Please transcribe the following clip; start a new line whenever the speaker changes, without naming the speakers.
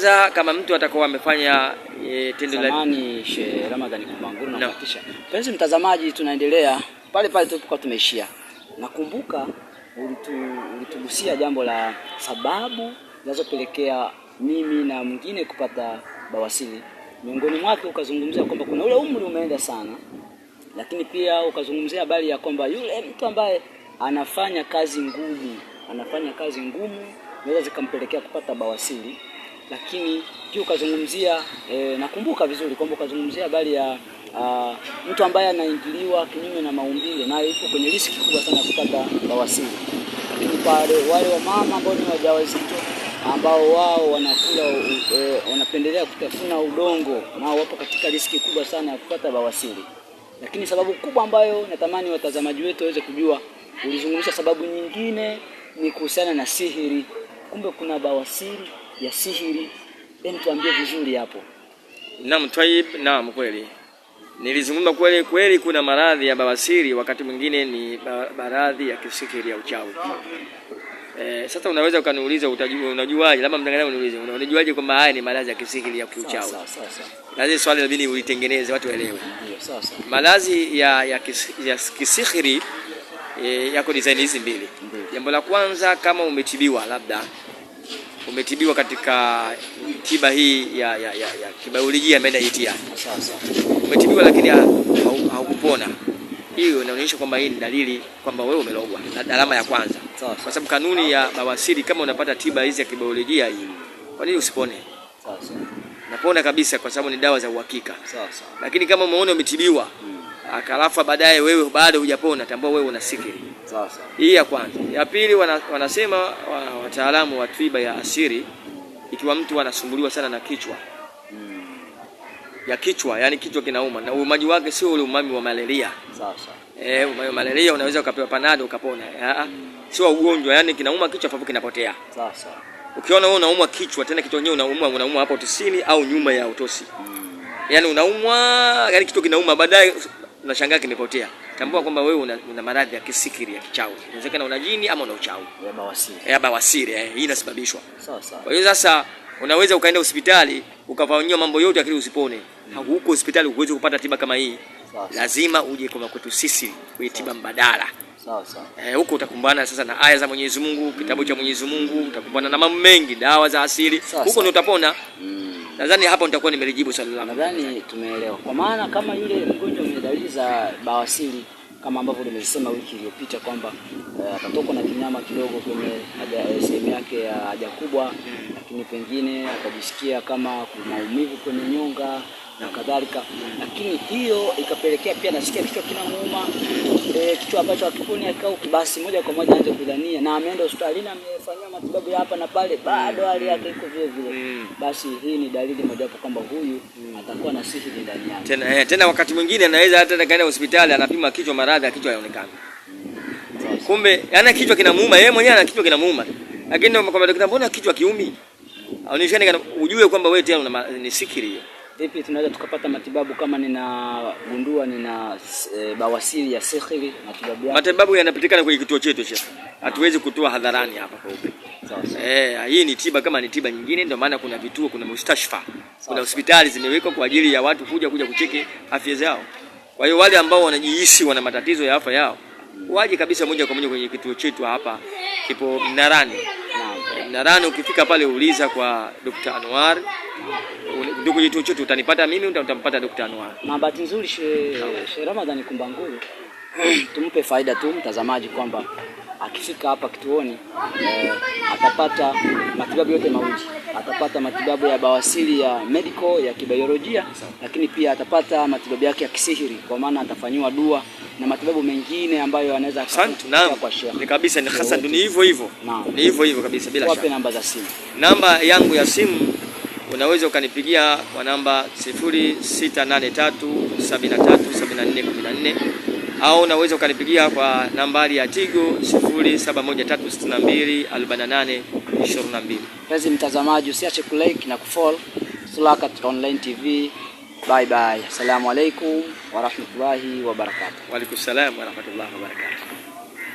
Kwanza kama mtu atakuwa amefanya e, tendo
la zamani Sheikh Ramadhani Kumanguru na kutisha. Mpenzi mtazamaji, tunaendelea pale pale tulipokuwa tumeishia. Nakumbuka ulitugusia jambo la sababu zinazopelekea mimi na mwingine kupata bawasiri. Miongoni mwake ukazungumzia kwamba kuna ule umri umeenda sana, lakini pia ukazungumzia habari ya kwamba yule mtu ambaye anafanya kazi ngumu, anafanya kazi ngumu, naweza zikampelekea kupata bawasiri lakini pia ukazungumzia e, nakumbuka vizuri kwamba ukazungumzia habari ya a, ah, mtu ambaye anaingiliwa kinyume na maumbile, nayo ipo kwenye riski kubwa sana ya kupata bawasiri. Lakini pale wale wamama ambao ni wajawazito ambao wao wanakula e, wanapendelea kutafuna udongo, nao wapo katika riski kubwa sana ya kupata bawasiri. Lakini sababu kubwa ambayo natamani watazamaji wetu waweze kujua, ulizungumza sababu nyingine ni kuhusiana na sihiri. Kumbe kuna bawasiri ya sihiri? Yani tuambie vizuri hapo.
Naam, Twayib, naam, kweli nilizungumza kweli kweli, kuna maradhi ya bawasiri, wakati mwingine ni maradhi ya kisihiri ya uchawi. Eh, sasa unaweza ukaniuliza utajua unajuaje? Labda mtangalia uniulize, unajuaje kwamba haya ni maradhi ya kisihiri ya kiuchawi? Lazima swali labini ulitengeneze watu waelewe. Maradhi ya ya, kis, ya kisihiri e, eh, yako design hizi mbili. Jambo la kwanza, kama umetibiwa labda umetibiwa katika tiba hii ya, ya, ya, ya kibiolojia ambayo umetibiwa, lakini haukupona hiyo inaonyesha kwamba hii ni dalili kwamba wewe umelogwa, na alama ya kwanza, kwa sababu kanuni ya bawasiri, kama unapata tiba hizi ya kibiolojia hii, kwa nini usipone? Sasa napona kabisa, kwa sababu ni dawa za uhakika. Lakini kama umeona umetibiwa akalafa mm. baadaye wewe bado hujapona, tambua wewe una sikili sasa hii ya kwanza. Ya pili wanasema wataalamu wa tiba ya asiri ikiwa mtu anasumbuliwa sana na kichwa hmm. ya kichwa, yani kichwa kinauma na umaji wake sio ule umami wa malaria. Sasa eh, umami wa malaria unaweza ukapewa panado ukapona, Ah hmm. sio ugonjwa, yani kinauma kichwa hapo kinapotea. Sasa ukiona wewe unaumwa kichwa, tena kichwa chenyewe unaumwa unaumwa hapo tisini au nyuma ya utosi
hmm.
Yaani unaumwa, yani kitu kinauma, baadaye unashangaa kimepotea tambua kwamba wewe una, una maradhi ya kisikiri ya kichawi, inawezekana una jini ama una uchawi ya bawasiri ya bawasiri eh, hii inasababishwa sawa sawa. Kwa hiyo sasa unaweza ukaenda hospitali ukafanyiwa mambo yote lakini usipone. Mm. Huko hospitali huwezi kupata tiba kama hii sawa. Lazima uje kwa kwetu sisi kwa tiba mbadala sawa sawa. Eh, huko utakumbana sasa na aya za Mwenyezi Mungu, kitabu cha Mwenyezi Mungu, utakumbana na mambo mengi, dawa za asili huko ndio utapona. Mm. Nadhani hapo nitakuwa nimelijibu swali langu.
Nadhani tumeelewa, kwa maana kama yule mgonjwa mwenye dalili za bawasiri kama ambavyo nimesema wiki iliyopita kwamba eh, akatokwa uh, na kinyama kidogo kwenye eh, sehemu yake ya haja kubwa, lakini pengine akajisikia kama kuna maumivu kwenye nyonga na kadhalika, lakini hiyo ikapelekea pia nasikia kichwa kinamuuma e, kichwa ambacho hakiponi akao, basi moja kwa moja anze kudhania, na ameenda hospitalini amefanyiwa matibabu hapa na pale, bado hali yake iko vile vile. Hmm. Basi hii ni dalili mojawapo kwamba huyu mm. atakuwa na sihiri ndani yake.
Tena eh, tena wakati mwingine anaweza hata kaenda hospitali anapima kichwa maradhi ya kichwa hayaonekani, kumbe ana yaani kichwa kinamuuma yeye mwenyewe, ana kichwa kinamuuma, lakini kwa daktari, mbona kichwa kiumi? Aonyeshane ujue kwamba wewe tena ni sihiri hiyo
vipi tunaweza tukapata matibabu kama ninagundua nina e, bawasiri ya sikhiri Matibabu yake
matibabu yanapatikana kwenye kituo chetu shekhi, hatuwezi kutoa hadharani hapa kweupe. Eh, hii ni tiba kama ni tiba nyingine, ndio maana kuna vituo, kuna mustashfa, kuna hospitali zimewekwa kwa ajili ya watu kuja kuja kucheki afya zao. Kwa hiyo wale ambao wanajihisi wana matatizo ya afya yao waje kabisa moja kwa moja kwenye kituo chetu hapa, kipo Mnarani nadhani ukifika pale uliza kwa Dr. Anwar ndugu yetu chote, utanipata mimi, utampata Dr. Anwar.
Na bahati nzuri Sheikh Ramadhani Kumbangulu tumpe faida tu mtazamaji kwamba akifika hapa kituoni eh, atapata matibabu yote mawili atapata matibabu ya bawasiri ya medical ya kibiolojia, lakini pia atapata matibabu yake ya kisihiri, kwa maana atafanyiwa dua na matibabu mengine ambayo anaweza
kwa shehe. Ni kabisa, ni hasa ni hivyo hivyo, ni hivyo hivyo kabisa, bila
shaka. Namba za simu,
namba yangu ya simu unaweza ukanipigia kwa namba 0683737414 au unaweza ukanipigia kwa nambari ya Tigo 0713624848. 2022.
Mpenzi mtazamaji, usiache kulike na kufollow Sulaka Online TV. Bye bye. Assalamu alaikum warahmatullahi wabarakatuh.
Wa salam warahmatullahi wabarakatuh.